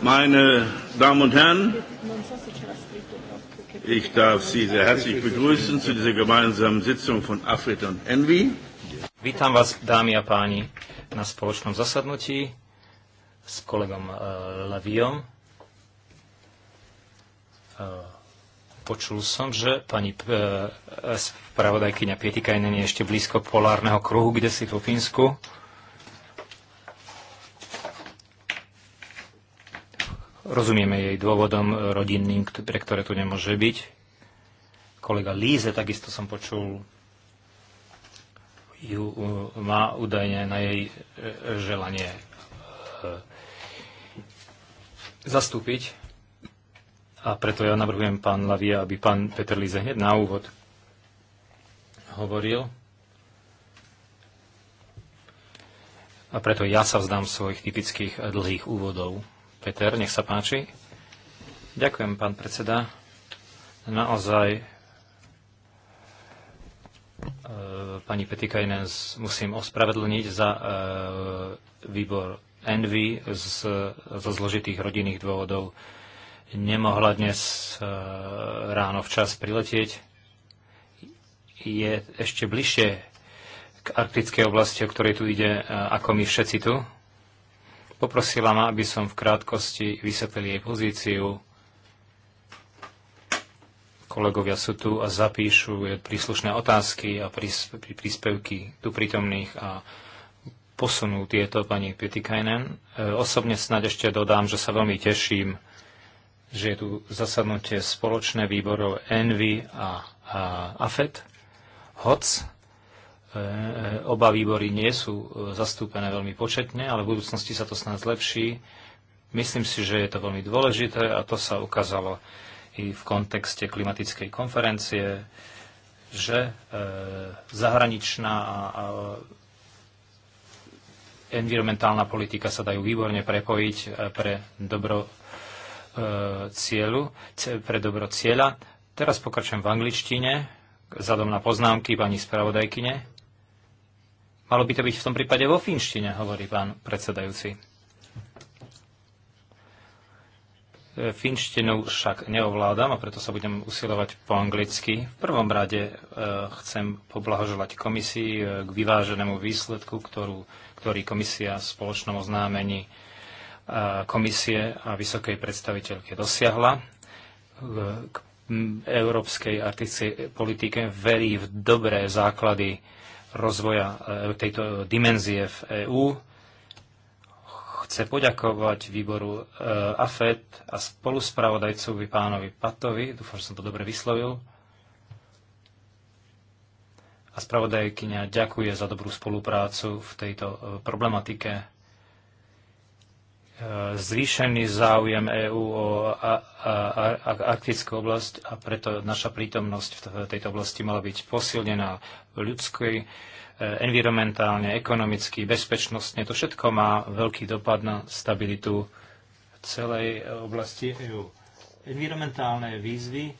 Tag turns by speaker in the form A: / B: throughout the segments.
A: Meine Damen und Herren, ich darf Sie sehr herzlich begrüßen zu dieser gemeinsamen Sitzung von AFRIT und Envy.
B: Vítam vás, dámy a páni, na spoločnom zasadnutí s kolegom uh, eh, Laviom. Uh, eh, počul som, že pani uh, spravodajkyňa Pietikajnen je ešte blízko polárneho kruhu, kde si po Fínsku. Rozumieme jej dôvodom rodinným, pre ktoré tu nemôže byť. Kolega Líze, takisto som počul, ju má údajne na jej e, želanie e, zastúpiť. A preto ja navrhujem pán Lavia, aby pán Peter Líze hneď na úvod hovoril. A preto ja sa vzdám svojich typických dlhých úvodov. Peter, nech sa páči. Ďakujem, pán predseda. Naozaj e, pani Petikajnen musím ospravedlniť za e, výbor Envy z, zo zložitých rodinných dôvodov. Nemohla dnes e, ráno včas priletieť. Je ešte bližšie k arktickej oblasti, o ktorej tu ide, ako my všetci tu. Poprosila ma, aby som v krátkosti vysvetlil jej pozíciu. Kolegovia sú tu a zapíšu príslušné otázky a príspevky tu prítomných a posunú tieto pani Pietikainen. E, osobne snad ešte dodám, že sa veľmi teším, že je tu zasadnutie spoločné výborov Envy a, a AFET. HOC E, e, oba výbory nie sú e, zastúpené veľmi početne, ale v budúcnosti sa to snad zlepší. Myslím si, že je to veľmi dôležité a to sa ukázalo i v kontexte klimatickej konferencie, že zahraničná a environmentálna politika sa dajú výborne prepojiť pre dobro cieľu, pre dobro cieľa. Teraz pokračujem v angličtine, zadom na poznámky pani spravodajkyne Malo by to byť v tom prípade vo finštine, hovorí pán predsedajúci. E, finštinu však neovládam a preto sa budem usilovať po anglicky. V prvom rade e, chcem poblahoželať komisii e, k vyváženému výsledku, ktorú, ktorý komisia v spoločnom oznámení komisie a vysokej predstaviteľke dosiahla. K európskej arktickej politike verí v dobré základy rozvoja e, tejto dimenzie v EÚ. Chce poďakovať výboru e, AFET a spoluspravodajcovi pánovi Patovi, dúfam, že som to dobre vyslovil, a spravodajkyňa ďakuje za dobrú spoluprácu v tejto e, problematike zvýšený záujem EÚ o arktickú oblasť a preto naša prítomnosť v tejto oblasti mala byť posilnená ľudskej, e, environmentálne, ekonomicky, bezpečnostne. To všetko má veľký dopad na stabilitu celej oblasti EÚ. Environmentálne výzvy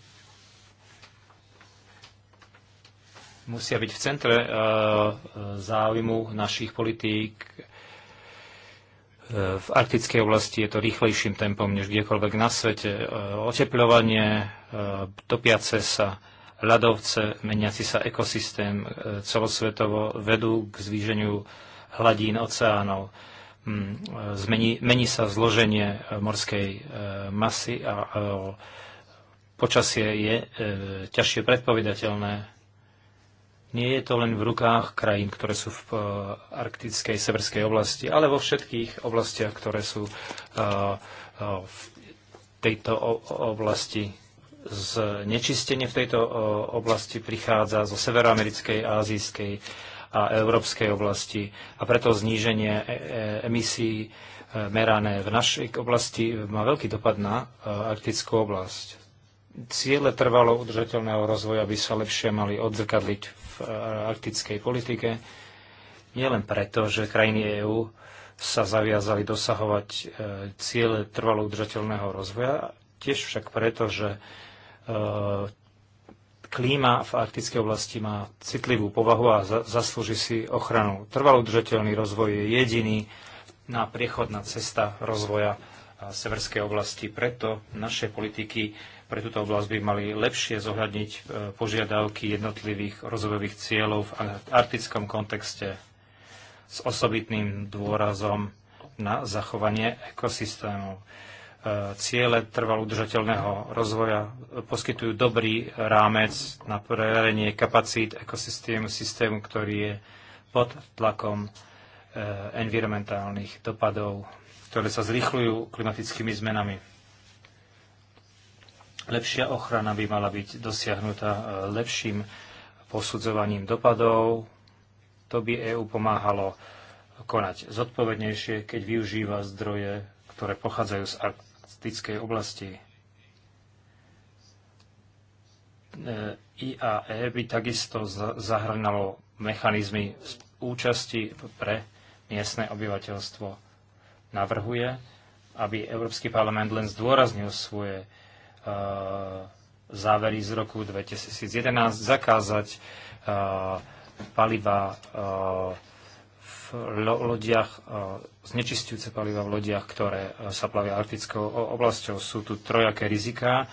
B: musia byť v centre e, e, záujmu našich politík v arktickej oblasti je to rýchlejším tempom než kdekoľvek na svete. E, oteplovanie, e, topiace sa ľadovce, meniaci sa ekosystém e, celosvetovo vedú k zvýšeniu hladín oceánov. Mm, zmení, mení sa zloženie morskej masy a počasie je ťažšie predpovedateľné nie je to len v rukách krajín, ktoré sú v eh, arktickej severskej oblasti, ale vo všetkých oblastiach, ktoré sú eh, eh, v tejto oblasti. Znečistenie v tejto oblasti prichádza zo severoamerickej, azijskej a európskej oblasti a preto zníženie e, e, emisí merané v našej oblasti má veľký dopad na arktickú oblasť ciele trvalo udržateľného rozvoja by sa lepšie mali odzrkadliť arktickej politike, nielen preto, že krajiny EÚ sa zaviazali dosahovať e, ciele trvalo udržateľného rozvoja, tiež však preto, že e, klíma v arktickej oblasti má citlivú povahu a zaslúži si ochranu. Trvalo udržateľný rozvoj je jediný na priechodná cesta rozvoja severskej oblasti. Preto naše politiky pre túto oblasť by mali lepšie zohľadniť e, požiadavky jednotlivých rozvojových cieľov v arktickom kontexte s osobitným dôrazom na zachovanie ekosystémov. E, ciele trvalo udržateľného rozvoja poskytujú dobrý rámec na preverenie kapacít ekosystému, systému, ktorý je pod tlakom e, environmentálnych dopadov, ktoré sa zrýchľujú klimatickými zmenami Lepšia ochrana by mala byť dosiahnutá e, lepším posudzovaním dopadov. To by EÚ pomáhalo konať zodpovednejšie, keď využíva zdroje, ktoré pochádzajú z arktickej oblasti. IAE e by takisto zahrnalo mechanizmy účasti pre miestne obyvateľstvo. Navrhuje, aby Európsky parlament len zdôraznil svoje závery z roku 2011 zakázať paliva v lodiach, znečistujúce paliva v lodiach, ktoré sa plavia arktickou oblasťou. Sú tu trojaké riziká.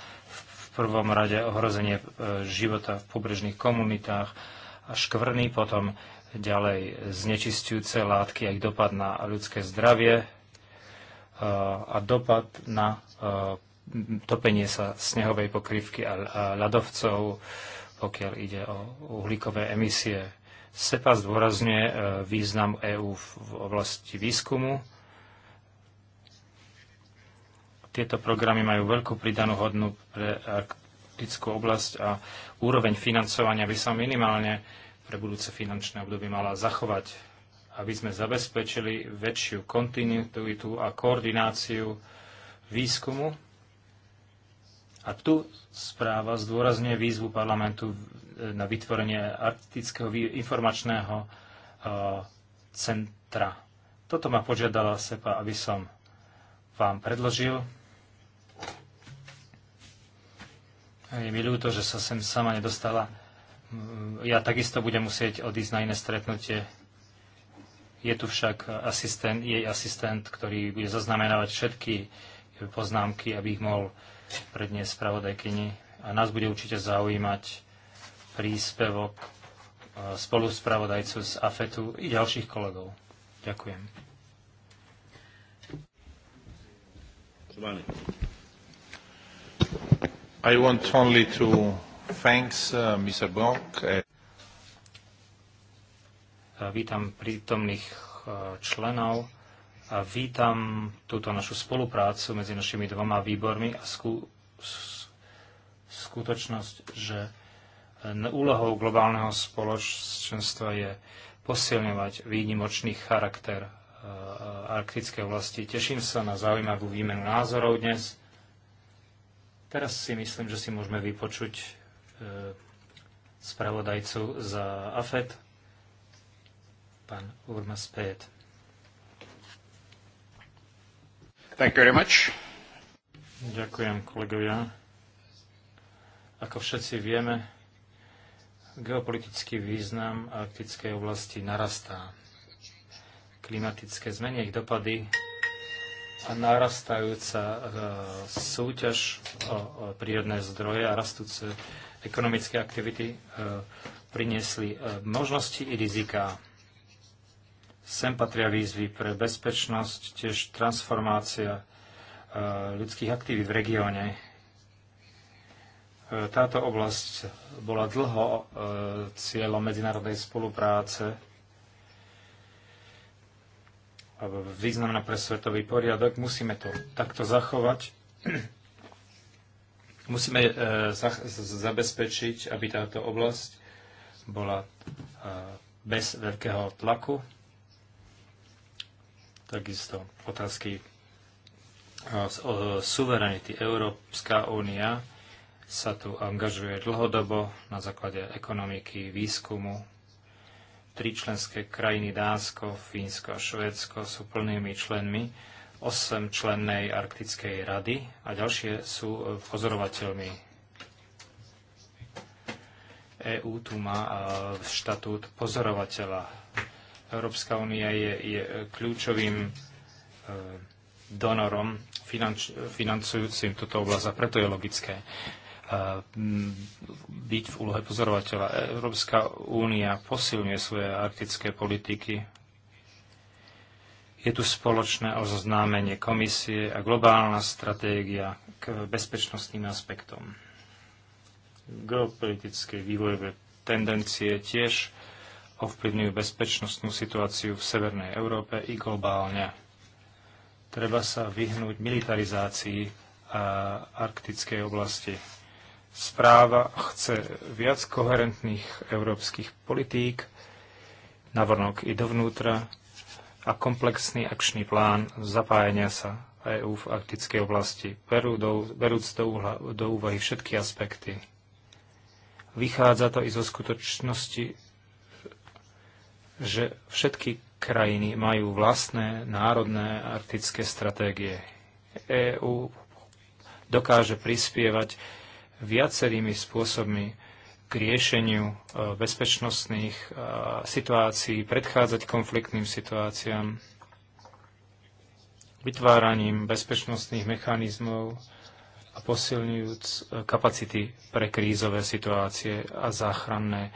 B: V prvom rade ohrozenie e, života v pobrežných komunitách a škvrny, potom ďalej znečistujúce látky a ich dopad na ľudské zdravie a dopad na topenie sa snehovej pokrývky a, ľadovcov, pokiaľ ide o uhlíkové emisie. SEPA zdôrazňuje e, význam EÚ v oblasti výskumu. Tieto programy majú veľkú pridanú hodnú pre arktickú oblasť a úroveň financovania by sa minimálne pre budúce finančné obdobie mala zachovať, aby sme zabezpečili väčšiu kontinuitu a koordináciu výskumu a tu správa zdôrazňuje výzvu parlamentu na vytvorenie arktického informačného e, centra. Toto ma požiadala SEPA, aby som vám predložil. Je mi ľúto, že sa sem sama nedostala. Mm, ja takisto budem musieť odísť na iné stretnutie. Je tu však asistent, jej asistent, ktorý bude zaznamenávať všetky poznámky, aby ich mohol predniesť spravodajkyni. A nás bude určite zaujímať príspevok e, spolu spravodajcu z AFETu i ďalších kolegov. Ďakujem.
C: I want only to thanks uh, Mr. Brock. Uh,
B: e, vítam prítomných e, členov a vítam túto našu spoluprácu medzi našimi dvoma výbormi a skú, skutočnosť, že e, úlohou globálneho spoločenstva je posilňovať výnimočný charakter e, e, arktické oblasti. Teším sa na zaujímavú výmenu názorov dnes. Teraz si myslím, že si môžeme vypočuť spravodajcu za AFED, pán Urmas Péet. Thank you very much. Ďakujem, kolegovia. Ako všetci vieme, geopolitický význam arktickej oblasti narastá. Klimatické zmeny, ich dopady a narastajúca e, súťaž o prírodné zdroje a rastúce ekonomické aktivity e, priniesli e, možnosti i riziká. Sem patria výzvy pre bezpečnosť, tiež transformácia e, ľudských aktivít v regióne. E, táto oblasť bola dlho e, cieľom medzinárodnej spolupráce významná pre svetový poriadok. Musíme to takto zachovať. Musíme zabezpečiť, aby táto oblasť bola bez veľkého tlaku. Takisto otázky suverenity. Európska únia sa tu angažuje dlhodobo na základe ekonomiky, výskumu. Tri členské krajiny Dánsko, Fínsko a Švédsko sú plnými členmi 8 člennej Arktickej rady a ďalšie sú e, pozorovateľmi. EÚ tu má e, štatút pozorovateľa Európska únia je, je kľúčovým e, donorom finanč, financujúcim túto oblasť a preto je logické e, byť v úlohe pozorovateľa. Európska únia posilňuje svoje arktické politiky. Je tu spoločné oznámenie komisie a globálna stratégia k bezpečnostným aspektom. Geopolitické vývojové tendencie tiež ovplyvňujú bezpečnostnú situáciu v Severnej Európe i globálne. Treba sa vyhnúť militarizácii arktickej oblasti. Správa chce viac koherentných európskych politík, navrnok i dovnútra, a komplexný akčný plán zapájania sa EÚ v arktickej oblasti, berúc do úvahy všetky aspekty. Vychádza to i zo skutočnosti, že všetky krajiny majú vlastné národné arktické stratégie. EÚ dokáže prispievať viacerými spôsobmi k riešeniu e, bezpečnostných e, situácií, predchádzať konfliktným situáciám, vytváraním bezpečnostných mechanizmov a posilňujúc e, kapacity pre krízové situácie a záchranné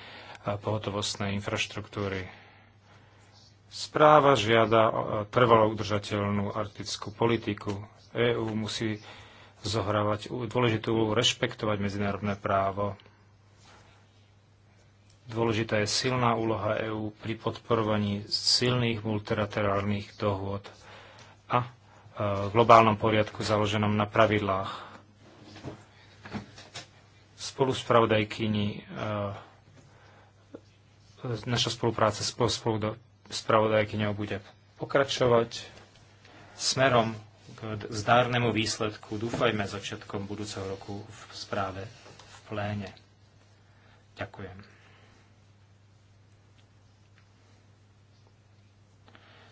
B: pohotovostné infraštruktúry. Správa žiada e, trvalo udržateľnú arktickú politiku. EÚ musí zohrávať dôležitú úlohu rešpektovať medzinárodné právo. Dôležitá je silná úloha EÚ pri podporovaní silných multilaterálnych dohôd a v e, globálnom poriadku založenom na pravidlách. Spolu s e, naša spolupráca spolu, spolu spravodajkyňa bude pokračovať smerom k zdárnemu výsledku, dúfajme začiatkom budúceho roku v správe v pléne. Ďakujem.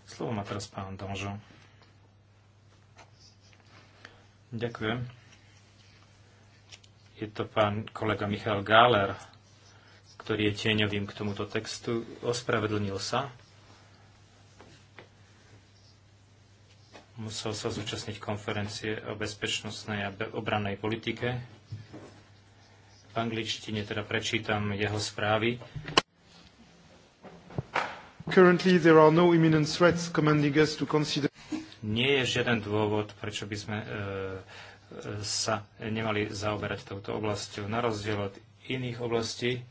B: Slovo má teraz pán Donžo. Ďakujem. Je to pán kolega Michal Gáler, ktorý je tieňovým k tomuto textu. Ospravedlnil sa. musel sa zúčastniť konferencie o bezpečnostnej a obrannej politike. V angličtine teda prečítam jeho správy. Currently there are no imminent threats commanding us to consider nie je žiaden dôvod, prečo by sme e, e sa nemali zaoberať touto oblasťou. Na rozdiel od iných oblastí,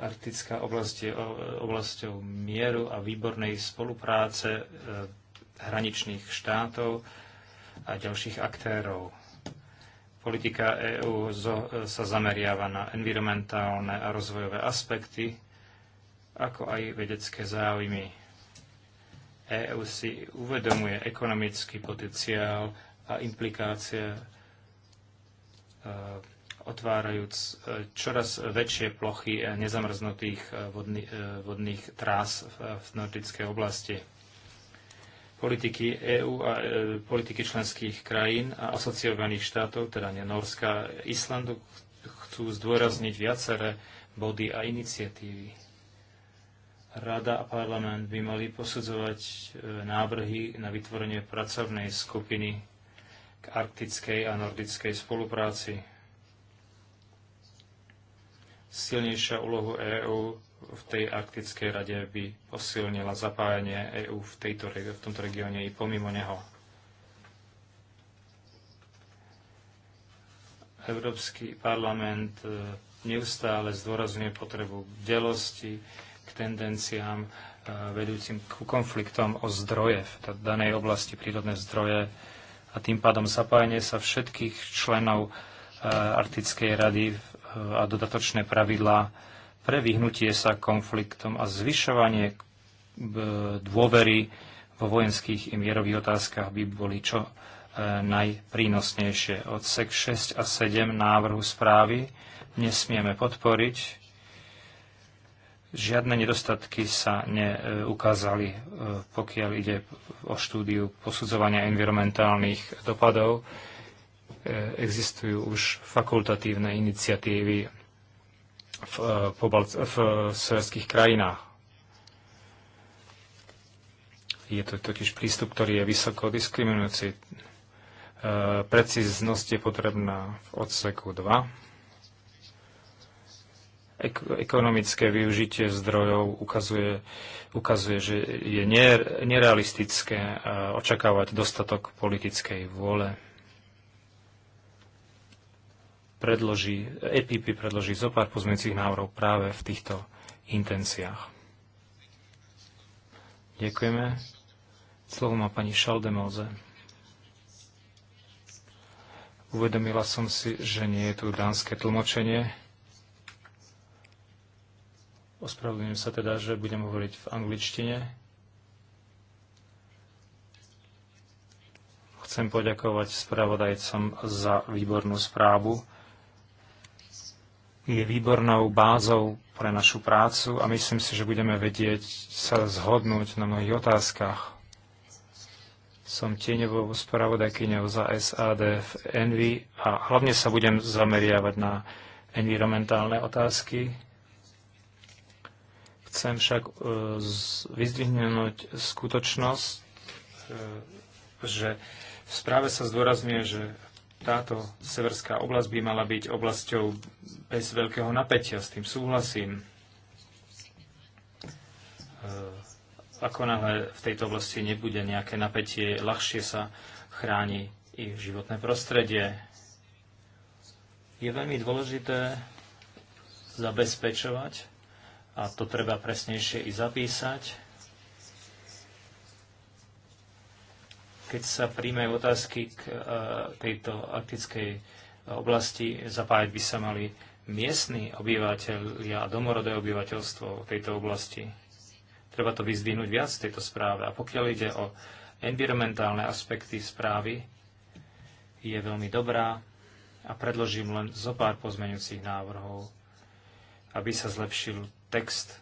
B: arktická oblast je oblasťou mieru a výbornej spolupráce, e, hraničných štátov a ďalších aktérov. Politika EÚ sa zameriava na environmentálne a rozvojové aspekty, ako aj vedecké záujmy. EÚ si uvedomuje ekonomický potenciál a implikácie e, otvárajúc e, čoraz väčšie plochy nezamrznutých e, vodných trás v nordickej oblasti politiky EÚ a e, politiky členských krajín a asociovaných štátov, teda nie Norska, Islandu, chcú zdôrazniť viaceré body a iniciatívy. Rada a parlament by mali posudzovať e, návrhy na vytvorenie pracovnej skupiny k arktickej a nordickej spolupráci. Silnejšia úlohu EÚ v tej arktickej rade by posilnila zapájanie EÚ v, tejto, v tomto regióne i pomimo neho. Európsky parlament e, neustále zdôrazňuje potrebu delosti k tendenciám e, vedúcim k konfliktom o zdroje v danej oblasti, prírodné zdroje a tým pádom zapájanie sa všetkých členov e, Arktickej rady a dodatočné pravidlá pre vyhnutie sa konfliktom a zvyšovanie e, dôvery vo vojenských i mierových otázkach by boli čo e, najprínosnejšie. Odsek 6 a 7 návrhu správy nesmieme podporiť. Žiadne nedostatky sa neukázali, e, pokiaľ ide o štúdiu posudzovania environmentálnych dopadov. Existujú už fakultatívne iniciatívy v, eh, pobalc- v severských krajinách. Je to totiž prístup, ktorý je vysoko diskriminujúci. E, precíznosť je potrebná v odseku 2. Ek- ekonomické využitie zdrojov ukazuje, ukazuje že je nerealistické eh, očakávať dostatok politickej vôle predloží, EPP predloží zo pár pozmeňujúcich návrhov práve v týchto intenciách. Ďakujeme. Slovo má pani Šaldemoze. Uvedomila som si, že nie je tu dánske tlmočenie. Ospravedlňujem sa teda, že budem hovoriť v angličtine. Chcem poďakovať spravodajcom za výbornú správu je výbornou bázou pre našu prácu a myslím si, že budeme vedieť sa zhodnúť na mnohých otázkach. Som tieňovou spravodajkyňou za SAD v Envy a hlavne sa budem zameriavať na environmentálne otázky. Chcem však e, vyzdvihnúť skutočnosť, e, že v správe sa zdôrazňuje, že táto severská oblasť by mala byť oblasťou bez veľkého napätia, s tým súhlasím. E, ako náhle v tejto oblasti nebude nejaké napätie, ľahšie sa chráni i životné prostredie. Je veľmi dôležité zabezpečovať, a to treba presnejšie i zapísať, keď sa príjmajú otázky k e, tejto arktickej oblasti, zapájať by sa mali miestni obyvateľia a domorodé obyvateľstvo v tejto oblasti. Treba to vyzdvihnúť viac v tejto správe. A pokiaľ ide o environmentálne aspekty správy, je veľmi dobrá a predložím len zo pár pozmeňujúcich návrhov, aby sa zlepšil text,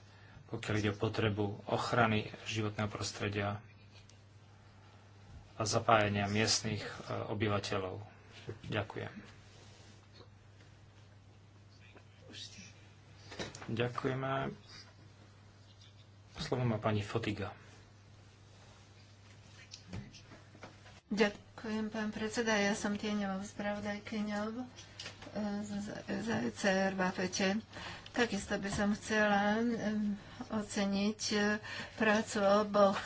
B: pokiaľ ide o potrebu ochrany životného prostredia a zapájania miestnych e, obyvateľov. Ďakujem. Ďakujeme. Slovo má pani Fotiga.
A: Ďakujem, pán predseda. Ja som tieňovou spravodajkyňou e, z ECR v APETE. Takisto by som chcela e, oceniť prácu oboch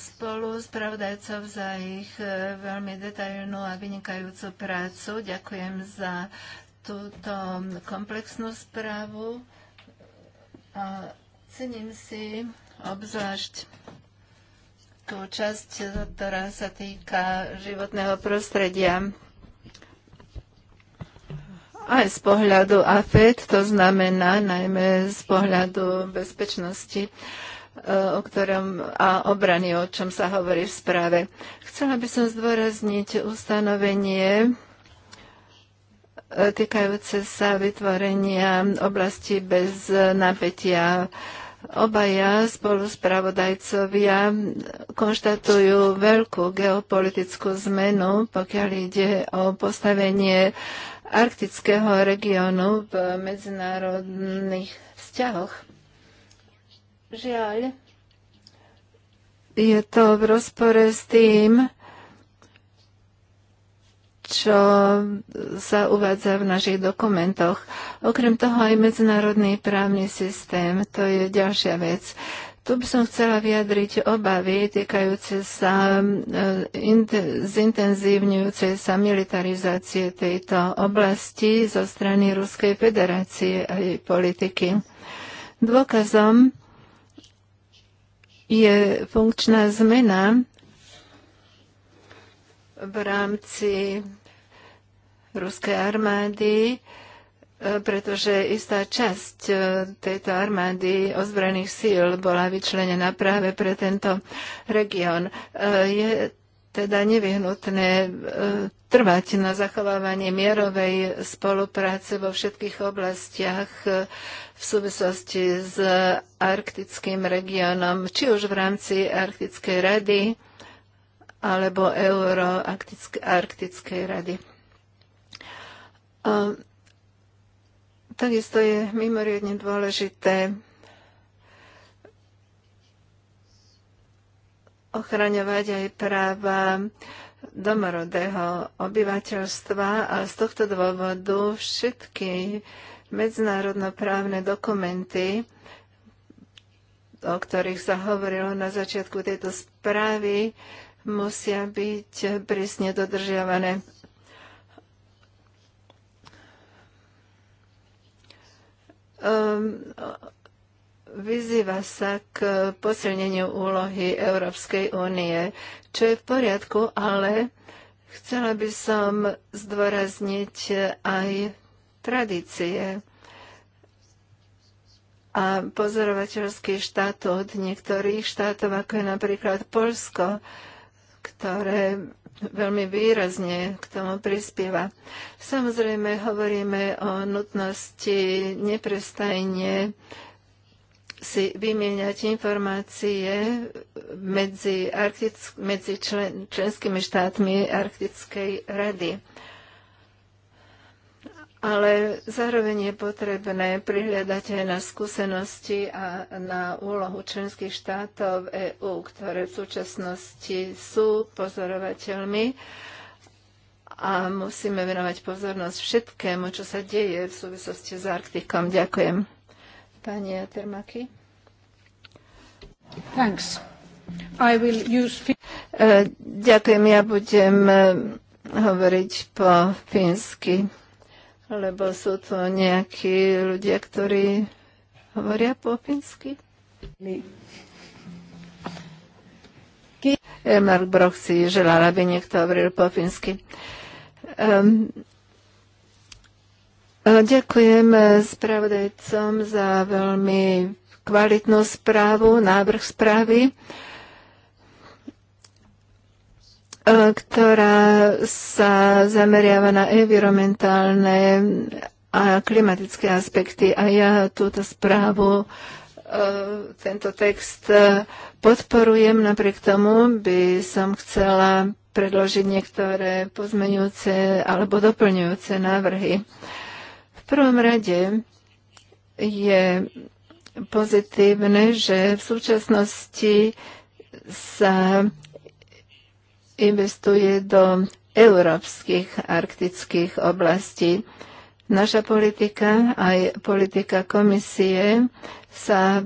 A: spolu spravodajcov za ich e, veľmi detailnú a vynikajúcu prácu. Ďakujem za túto komplexnú správu a cením si obzvlášť tú časť, ktorá sa týka životného prostredia aj z pohľadu AFED, to znamená najmä z pohľadu bezpečnosti. Uh, o ktorom a obrany, o čom sa hovorí v správe. Chcela by som zdôrazniť ustanovenie e, týkajúce sa vytvorenia oblasti bez napätia. Obaja spoluspravodajcovia konštatujú veľkú geopolitickú zmenu, pokiaľ ide o postavenie arktického regiónu v medzinárodných vzťahoch. Žiaľ, je to v rozpore s tým, čo sa uvádza v našich dokumentoch. Okrem toho aj medzinárodný právny systém, to je ďalšia vec. Tu by som chcela vyjadriť obavy týkajúce sa e, zintenzívňujúcej sa militarizácie tejto oblasti zo strany Ruskej federácie a jej politiky. Dôkazom je funkčná zmena v rámci ruskej armády, e, pretože istá časť e, tejto armády ozbrojených síl bola vyčlenená práve pre tento región. E, je teda nevyhnutné e, trvať na zachovávanie mierovej spolupráce vo všetkých oblastiach e, v súvislosti s arktickým regiónom, či už v rámci Arktickej rady alebo Euroarktickej rady. E, takisto je mimoriadne dôležité ochraňovať aj práva domorodého obyvateľstva a z tohto dôvodu všetky medzinárodnoprávne dokumenty, o ktorých sa hovorilo na začiatku tejto správy, musia byť prísne dodržiavané. Um, vyzýva sa k posilneniu úlohy Európskej únie, čo je v poriadku, ale chcela by som zdôrazniť aj tradície a pozorovateľský štatút niektorých štátov, ako je napríklad Polsko, ktoré veľmi výrazne k tomu prispieva. Samozrejme, hovoríme o nutnosti neprestajne si vymieňať informácie medzi, Arktick- medzi člen- členskými štátmi Arktickej rady. Ale zároveň je potrebné prihľadať aj na skúsenosti a na úlohu členských štátov EÚ, ktoré v súčasnosti sú pozorovateľmi a musíme venovať pozornosť všetkému, čo sa deje v súvislosti s Arktikom. Ďakujem. Pani Atermaki. Thanks. I will use... E, ďakujem, ja budem e, hovoriť po fínsky, lebo sú tu nejakí ľudia, ktorí hovoria po fínsky. Mark Broch si želal, aby niekto hovoril po fínsky. E, ďakujem e, spravodajcom za veľmi kvalitnú správu, návrh správy, e, ktorá sa zameriava na environmentálne a klimatické aspekty. A ja túto správu, tento text podporujem. Napriek tomu by som chcela predložiť niektoré pozmeňujúce alebo doplňujúce návrhy. Uh, prvom rade je pozitívne, že v súčasnosti sa investuje do európskych arktických oblastí. Naša politika, aj politika komisie sa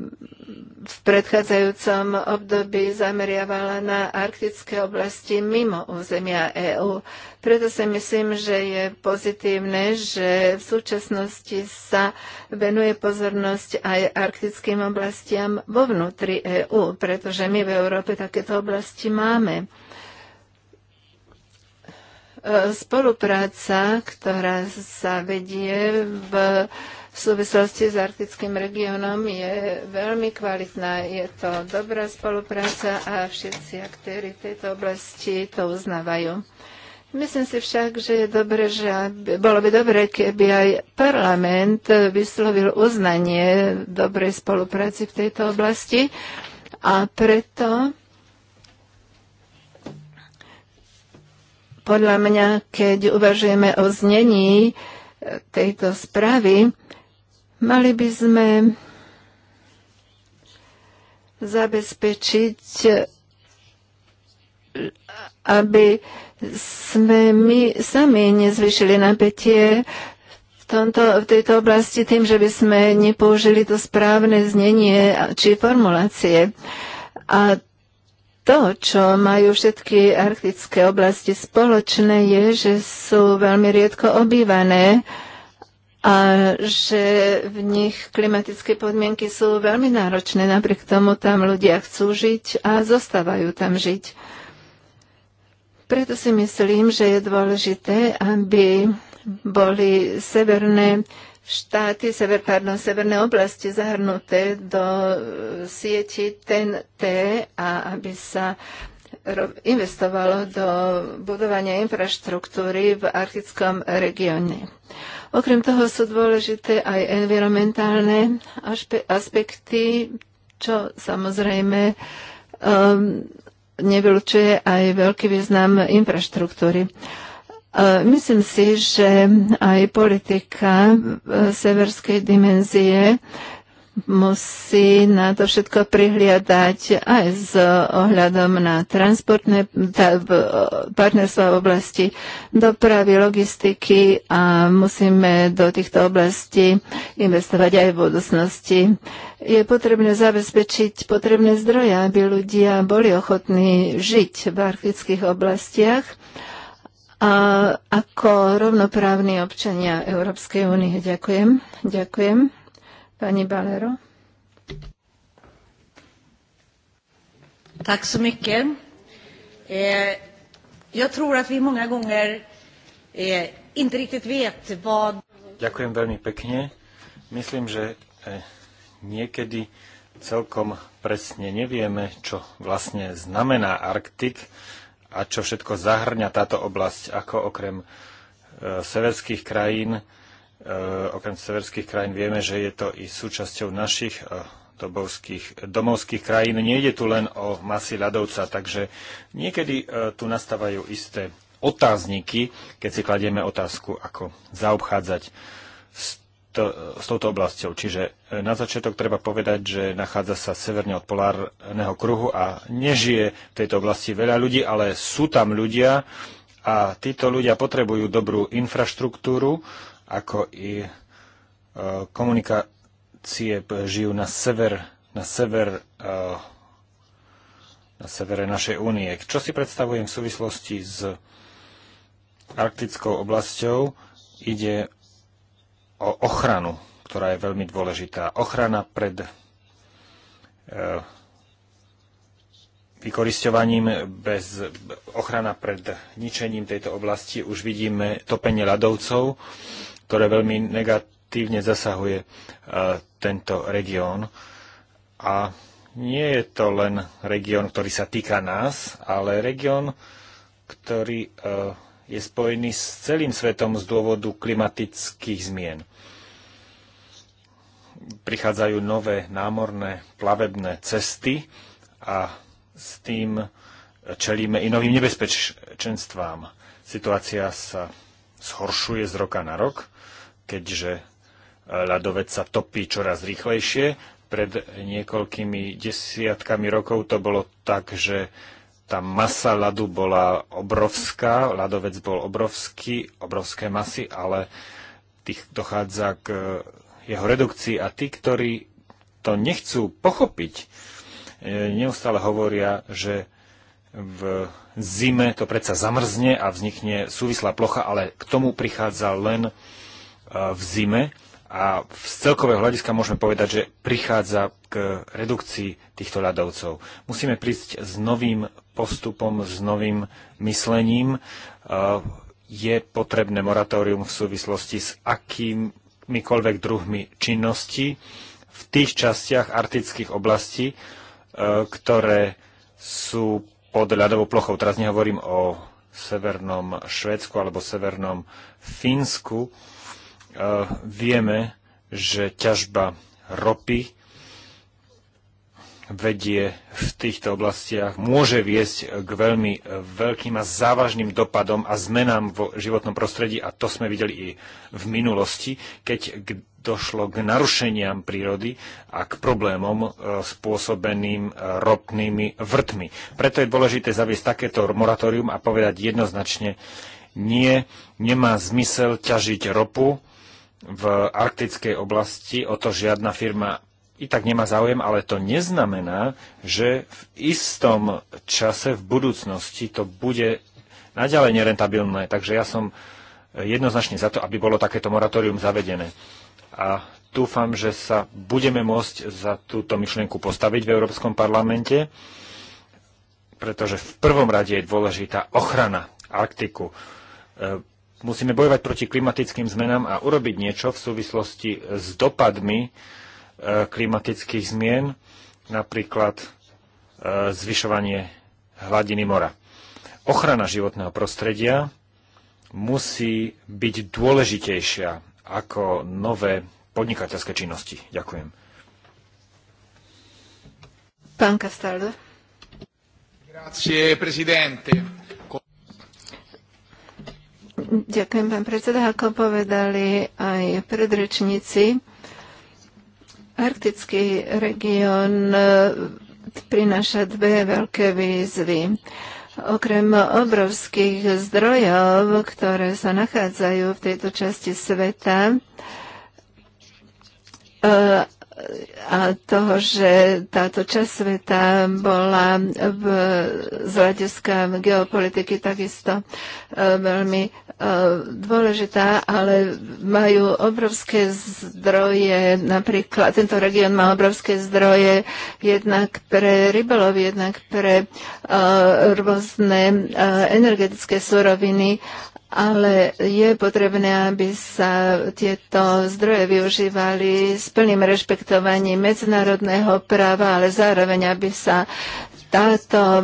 A: v predchádzajúcom období zameriavala na arktické oblasti mimo územia EÚ. Preto si myslím, že je pozitívne, že v súčasnosti sa venuje pozornosť aj arktickým oblastiam vo vnútri EÚ, pretože my v Európe takéto oblasti máme. Spolupráca, ktorá sa vedie v v súvislosti s arktickým regiónom je veľmi kvalitná. Je to dobrá spolupráca a všetci aktéry v tejto oblasti to uznávajú. Myslím si však, že je dobré, že bolo by dobre, keby aj parlament vyslovil uznanie dobrej spolupráci v tejto oblasti a preto Podľa mňa, keď uvažujeme o znení e, tejto správy, mali by sme zabezpečiť, e, aby sme my sami nezvyšili napätie v, tomto, v tejto oblasti tým, že by sme nepoužili to správne znenie či formulácie. A to, čo majú všetky arktické oblasti spoločné, je, že sú veľmi riedko obývané a že v nich klimatické podmienky sú veľmi náročné. Napriek tomu tam ľudia chcú žiť a zostávajú tam žiť. Preto si myslím, že je dôležité, aby boli severné štáty, sever, pardon, severné oblasti zahrnuté do e, sieti TNT a aby sa investovalo do budovania infraštruktúry v arktickom regióne. Okrem toho sú dôležité aj environmentálne aspekty, čo samozrejme um, nevylučuje aj veľký význam infraštruktúry. Uh, E, myslím si, že aj politika e, severskej dimenzie musí na to všetko prihliadať aj s ohľadom na transportné tá, e, partnerstva v oblasti dopravy, logistiky a musíme do týchto oblastí investovať aj v budúcnosti. Je potrebné zabezpečiť potrebné zdroje, aby ľudia boli ochotní žiť v arktických oblastiach a ako rovnoprávni občania Európskej únie. Ďakujem. Ďakujem. Pani Balero. Tak så mycket. Eh, jag tror att vi många gånger eh, inte riktigt vet vad...
C: Ďakujem veľmi pekne. Myslím, že eh, niekedy celkom presne nevieme, čo vlastne znamená Arktik a čo všetko zahrňa táto oblasť, ako okrem e, severských krajín, e, okrem severských krajín vieme, že je to i súčasťou našich e, dobovských, domovských krajín. Nejde tu len o masy ľadovca, takže niekedy e, tu nastávajú isté otázniky, keď si kladieme otázku, ako zaobchádzať s to, s touto oblasťou. Čiže e, na začiatok treba povedať, že nachádza sa severne od polárneho kruhu a nežije v tejto oblasti veľa ľudí, ale sú tam ľudia a títo ľudia potrebujú dobrú infraštruktúru, ako i e, komunikácie žijú na sever, na sever e, na severe našej únie. Čo si predstavujem v súvislosti s arktickou oblasťou? Ide o ochranu, ktorá je veľmi dôležitá. Ochrana pred e, vykoristovaním, bez ochrana pred ničením tejto oblasti. Už vidíme topenie ľadovcov, ktoré veľmi negatívne zasahuje e, tento región. A nie je to len región, ktorý sa týka nás, ale región, ktorý e, je spojený s celým svetom z dôvodu klimatických zmien. Prichádzajú nové námorné plavebné cesty a s tým čelíme i novým nebezpečenstvám. Situácia sa zhoršuje z roka na rok, keďže e, ľadovec sa topí čoraz rýchlejšie. Pred niekoľkými desiatkami rokov to bolo tak, že tá masa ľadu bola obrovská, ľadovec bol obrovský, obrovské masy, ale tých dochádza k eh, jeho redukcii a tí, ktorí to nechcú pochopiť, eh, neustále hovoria, že v zime to predsa zamrzne a vznikne súvislá plocha, ale k tomu prichádza len eh, v zime a z celkového hľadiska môžeme povedať, že prichádza k redukcii týchto ľadovcov. Musíme prísť s novým postupom, s novým myslením. E, je potrebné moratórium v súvislosti s akýmikoľvek druhmi činností v tých častiach arktických oblastí, e, ktoré sú pod ľadovou plochou. Teraz nehovorím o severnom Švedsku alebo severnom Fínsku, vieme, že ťažba ropy vedie v týchto oblastiach, môže viesť k veľmi veľkým a závažným dopadom a zmenám v životnom prostredí a to sme videli i v minulosti, keď došlo k narušeniam prírody a k problémom e, spôsobeným e, ropnými vrtmi. Preto je dôležité zaviesť takéto moratórium a povedať jednoznačne, nie, nemá zmysel ťažiť ropu, v arktickej oblasti, o to žiadna firma i tak nemá záujem, ale to neznamená, že v istom čase v budúcnosti to bude naďalej nerentabilné. Takže ja som jednoznačne za to, aby bolo takéto moratórium zavedené. A dúfam, že sa budeme môcť za túto myšlienku postaviť v Európskom parlamente, pretože v prvom rade je dôležitá ochrana Arktiku e, Musíme bojovať proti klimatickým zmenám a urobiť niečo v súvislosti s dopadmi e, klimatických zmien, napríklad e, zvyšovanie hladiny mora. Ochrana životného prostredia musí byť dôležitejšia ako nové podnikateľské činnosti. Ďakujem.
A: Pán Castaldo. Grazie, presidente. Ďakujem, pán predseda. Ako povedali aj predrečníci, arktický región e, prináša dve veľké výzvy. Okrem obrovských zdrojov, ktoré sa nachádzajú v tejto časti sveta, e, a toho, že táto časť sveta bola v, z hľadiska geopolitiky takisto e, veľmi e, dôležitá, ale majú obrovské zdroje, napríklad tento región má obrovské zdroje jednak pre rybolov, jednak pre e, rôzne energetické suroviny ale je potrebné, aby sa tieto zdroje využívali s plným rešpektovaním medzinárodného práva, ale zároveň, aby sa táto e,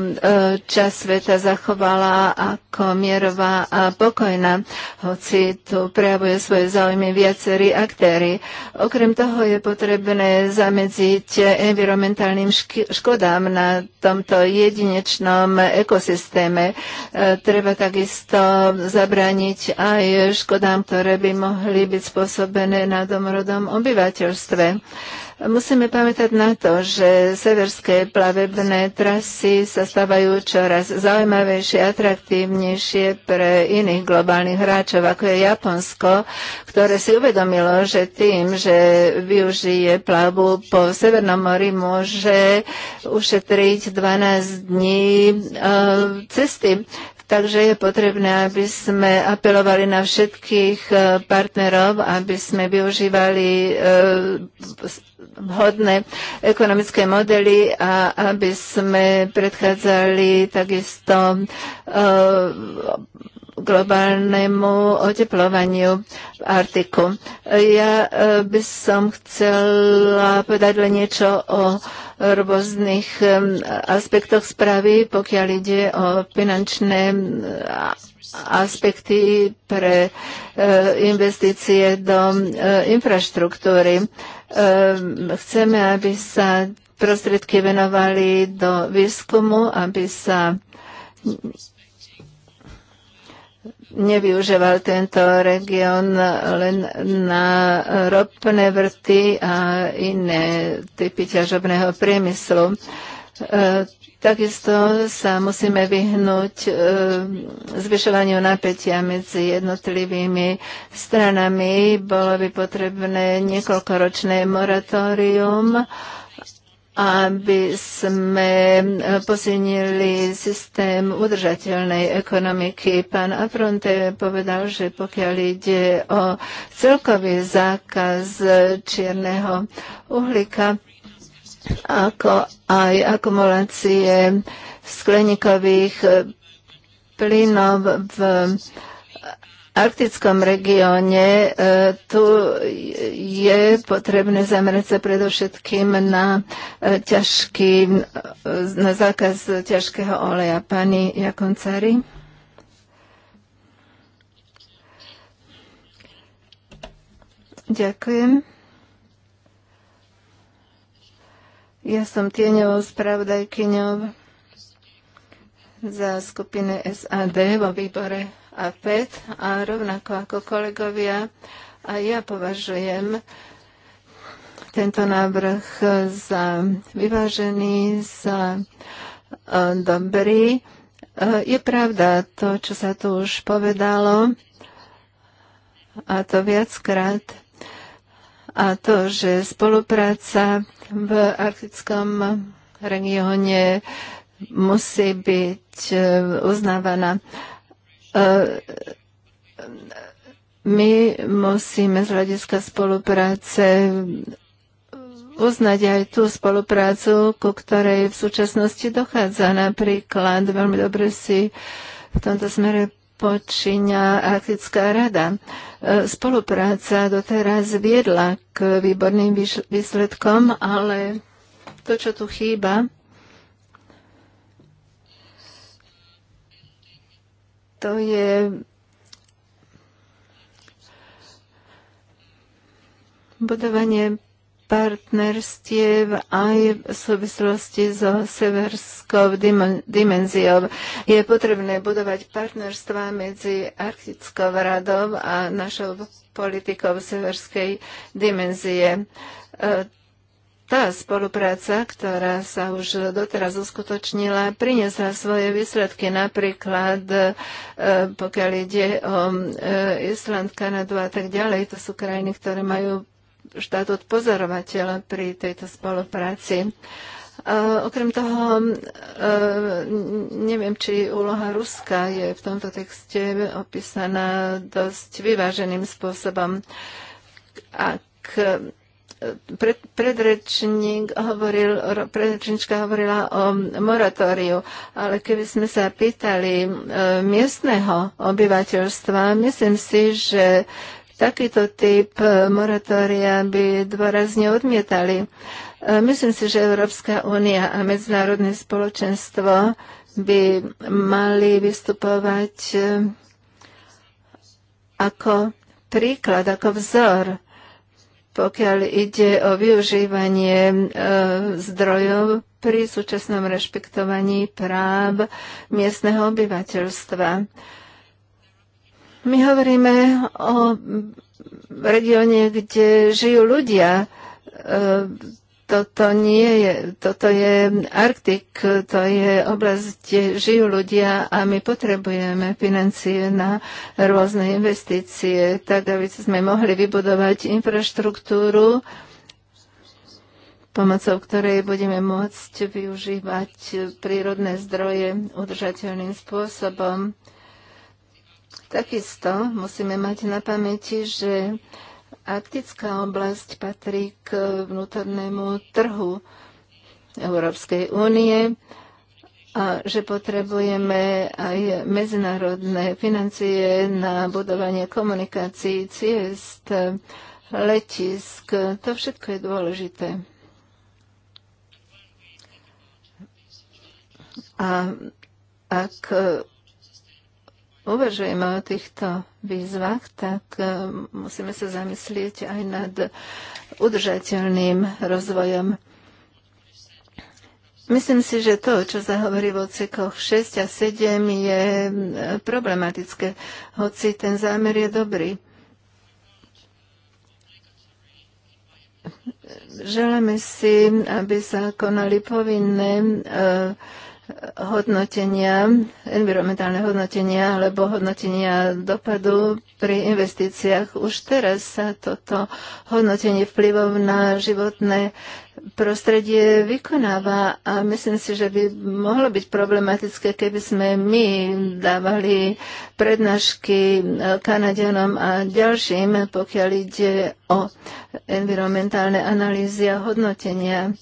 A: časť sveta zachovala ako mierová a pokojná, hoci tu prejavuje svoje záujmy viacerí aktéry. Okrem toho je potrebné zamedziť environmentálnym škodám na tomto jedinečnom ekosystéme. E, treba takisto zabrániť aj škodám, ktoré by mohli byť spôsobené na domorodom obyvateľstve. Musíme pamätať na to, že severské plavebné trasy sa stávajú čoraz zaujímavejšie, atraktívnejšie pre iných globálnych hráčov, ako je Japonsko, ktoré si uvedomilo, že tým, že využije plavbu po Severnom mori, môže ušetriť 12 dní e, cesty Takže je potrebné, aby sme apelovali na všetkých e, partnerov, aby sme využívali e, vhodné ekonomické modely a aby sme predchádzali takisto e, globálnemu oteplovaniu v Artiku. Ja by som chcela povedať len niečo o rôznych aspektoch správy, pokiaľ ide o finančné aspekty pre e, investície do infraštruktúry. Chceme, aby sa prostriedky venovali do výskumu, aby sa nevyužíval tento región len na ropné vrty a iné typy ťažobného priemyslu. E, takisto sa musíme vyhnúť e, zvyšovaniu napätia medzi jednotlivými stranami. Bolo by potrebné niekoľkoročné moratórium aby sme eh, posilnili systém udržateľnej ekonomiky. Pán Afronte povedal, že pokiaľ ide o celkový zákaz eh, čierneho uhlíka, ako aj akumulácie skleníkových eh, plynov v arktickom regióne e, tu je potrebné zamerať sa predovšetkým na e, ťažký, e, na zákaz ťažkého oleja. Pani Jakoncari? Ďakujem. Ja som tieňovou spravodajkyňou za skupiny SAD vo výbore a PET a rovnako ako kolegovia a ja považujem tento návrh za vyvážený, za e, dobrý. E, je pravda to, čo sa tu už povedalo, a to viackrát, a to, že spolupráca v arktickom regióne musí byť e, uznávaná E, my musíme z hľadiska spolupráce uznať aj tú spoluprácu, ku ktorej v súčasnosti dochádza. Napríklad veľmi dobre si v tomto smere počíňa Arktická rada. E, spolupráca doteraz viedla k výborným výsledkom, ale to, čo tu chýba, to je budovanie partnerstiev aj v súvislosti so severskou dimenziou. Je potrebné budovať partnerstva medzi Arktickou radou a našou politikou severskej dimenzie. E, tá spolupráca, ktorá sa už doteraz uskutočnila, priniesla svoje výsledky. Napríklad, e, pokiaľ ide o e, Island, Kanadu a tak ďalej, to sú krajiny, ktoré majú štatút pozorovateľa pri tejto spolupráci. E, okrem toho, neviem, či úloha Ruska je v tomto texte opísaná dosť vyváženým spôsobom. Ak pred, predrečník hovoril, predrečníčka hovorila o moratóriu, ale keby sme sa pýtali e, miestneho obyvateľstva, myslím si, že takýto typ e, moratória by dôrazne odmietali. E, myslím si, že Európska únia a medzinárodné spoločenstvo by mali vystupovať ako príklad, ako vzor pokiaľ ide o využívanie e, zdrojov pri súčasnom rešpektovaní práv miestneho obyvateľstva. My hovoríme o regióne, kde žijú ľudia e, toto nie je, toto je Arktik, to je oblasť, kde žijú ľudia a my potrebujeme financie na rôzne investície, tak aby sme mohli vybudovať infraštruktúru, pomocou ktorej budeme môcť využívať prírodné zdroje udržateľným spôsobom. Takisto musíme mať na pamäti, že Arktická oblasť patrí k vnútornému trhu Európskej únie a že potrebujeme aj medzinárodné financie na budovanie komunikácií, ciest, letisk. To všetko je dôležité. A ak uvažujeme o týchto výzvach, tak e, musíme sa zamyslieť aj nad udržateľným rozvojom. Myslím si, že to, čo sa hovorí v odsekoch 6 a 7, je e, problematické, hoci ten zámer je dobrý. Želáme si, aby sa konali povinné uh, hodnotenia, environmentálne hodnotenia alebo hodnotenia dopadu pri investíciách. Už teraz sa toto hodnotenie vplyvov na životné prostredie vykonáva a myslím si, že by mohlo byť problematické, keby sme my dávali prednášky Kanadianom a ďalším, pokiaľ ide o environmentálne analýzy a hodnotenia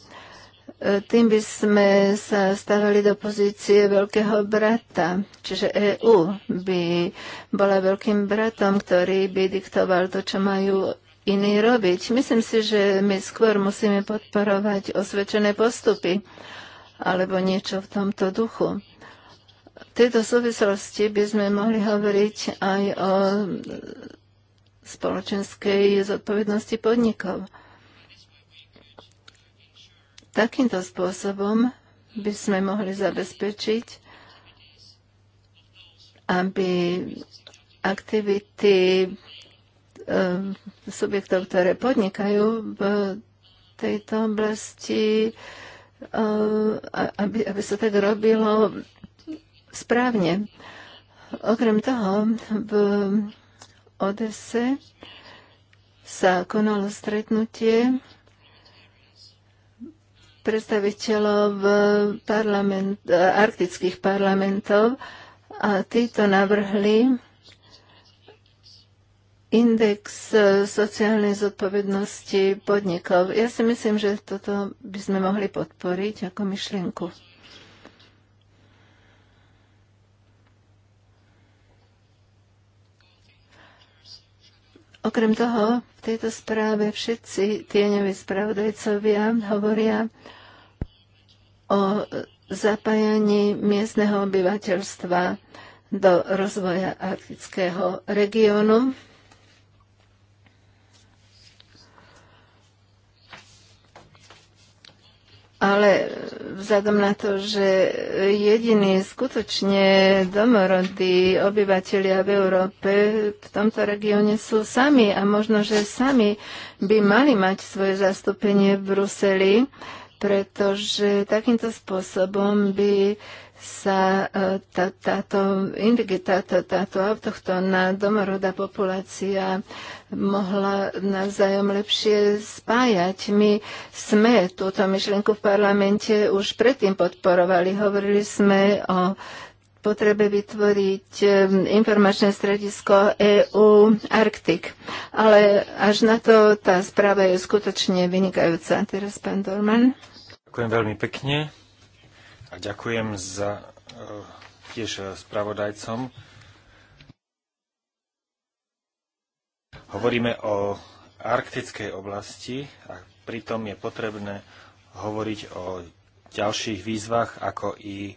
A: tým by sme sa stávali do pozície veľkého brata. Čiže EU by bola veľkým bratom, ktorý by diktoval to, čo majú iní robiť. Myslím si, že my skôr musíme podporovať osvedčené postupy alebo niečo v tomto duchu. V tejto súvislosti by sme mohli hovoriť aj o spoločenskej zodpovednosti podnikov. Takýmto spôsobom by sme mohli zabezpečiť, aby aktivity eh, subjektov, ktoré podnikajú v tejto oblasti, eh, aby, aby sa tak robilo správne. Okrem toho, v Odese sa konalo stretnutie predstaviteľov eh, parlament, eh, arktických parlamentov a títo navrhli index eh, sociálnej zodpovednosti podnikov. Ja si myslím, že toto by sme mohli podporiť ako myšlienku. Okrem toho, v tejto správe všetci tieňoví spravodajcovia hovoria o zapájaní miestneho obyvateľstva do rozvoja arktického regiónu. Ale vzhľadom na to, že jediní skutočne domorodí obyvateľia v Európe v tomto regióne sú sami a možno, že sami by mali mať svoje zastúpenie v Bruseli, pretože takýmto spôsobom by sa e, tá, táto indigita, tá, táto autochtónna domorodá populácia mohla navzájom lepšie spájať. My sme túto myšlienku v parlamente už predtým podporovali. Hovorili sme o potrebe vytvoriť informačné stredisko EU Arktik. Ale až na to tá správa je skutočne vynikajúca. Teraz pán Dorman.
C: Ďakujem veľmi pekne a ďakujem za eh, tiež eh, spravodajcom. Hovoríme o arktickej oblasti a pritom je potrebné hovoriť o ďalších výzvach, ako i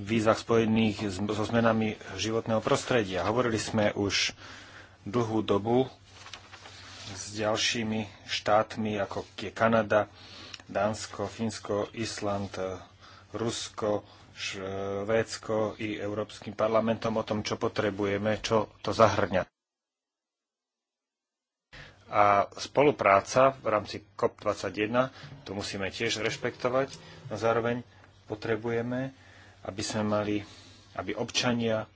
C: výzvach spojených so zmenami životného prostredia. Hovorili sme už dlhú dobu s ďalšími štátmi, ako je Kanada, Dánsko, Fínsko, Island, Rusko, Švédsko i Európskym parlamentom o tom, čo potrebujeme, čo to zahrňa. A spolupráca v rámci COP21, to musíme tiež rešpektovať, no zároveň potrebujeme aby sme mali, aby občania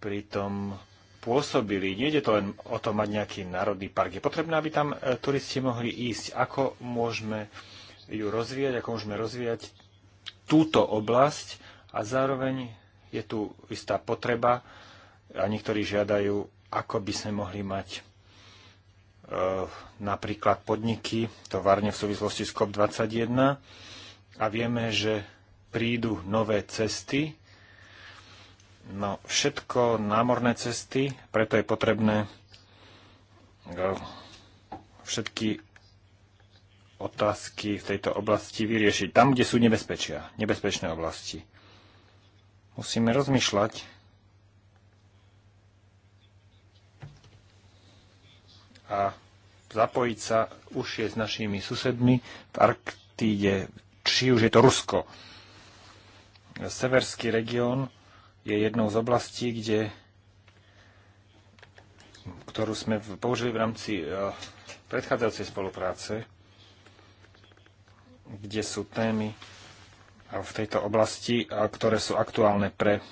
C: pritom pôsobili. Nie je to len o to mať nejaký národný park. Je potrebné, aby tam e, turisti mohli ísť. Ako môžeme ju rozvíjať, ako môžeme rozvíjať túto oblasť a zároveň je tu istá potreba a niektorí žiadajú, ako by sme mohli mať e, napríklad podniky, továrne v súvislosti s COP21 a vieme, že prídu nové cesty, no všetko námorné cesty, preto je potrebné eh, všetky otázky v tejto oblasti vyriešiť. Tam, kde sú nebezpečia, nebezpečné oblasti. Musíme rozmýšľať a zapojiť sa už je s našimi susedmi v Arktíde, či už je to Rusko, Severský región je jednou z oblastí, kde, ktorú sme použili v rámci e, predchádzajúcej spolupráce, kde sú témy v tejto oblasti, ktoré sú aktuálne pre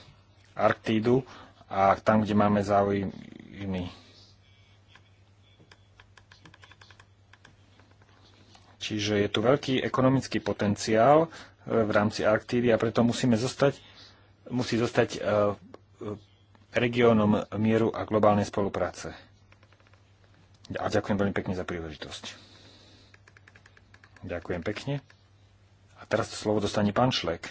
C: Arktídu a tam, kde máme záujmy. Čiže je tu veľký ekonomický potenciál v rámci Arktídy a preto musíme zostať, musí zostať e, e, regiónom mieru a globálnej spolupráce. A ďakujem veľmi pekne za príležitosť. Ďakujem pekne. A teraz to slovo dostane pán Šlek.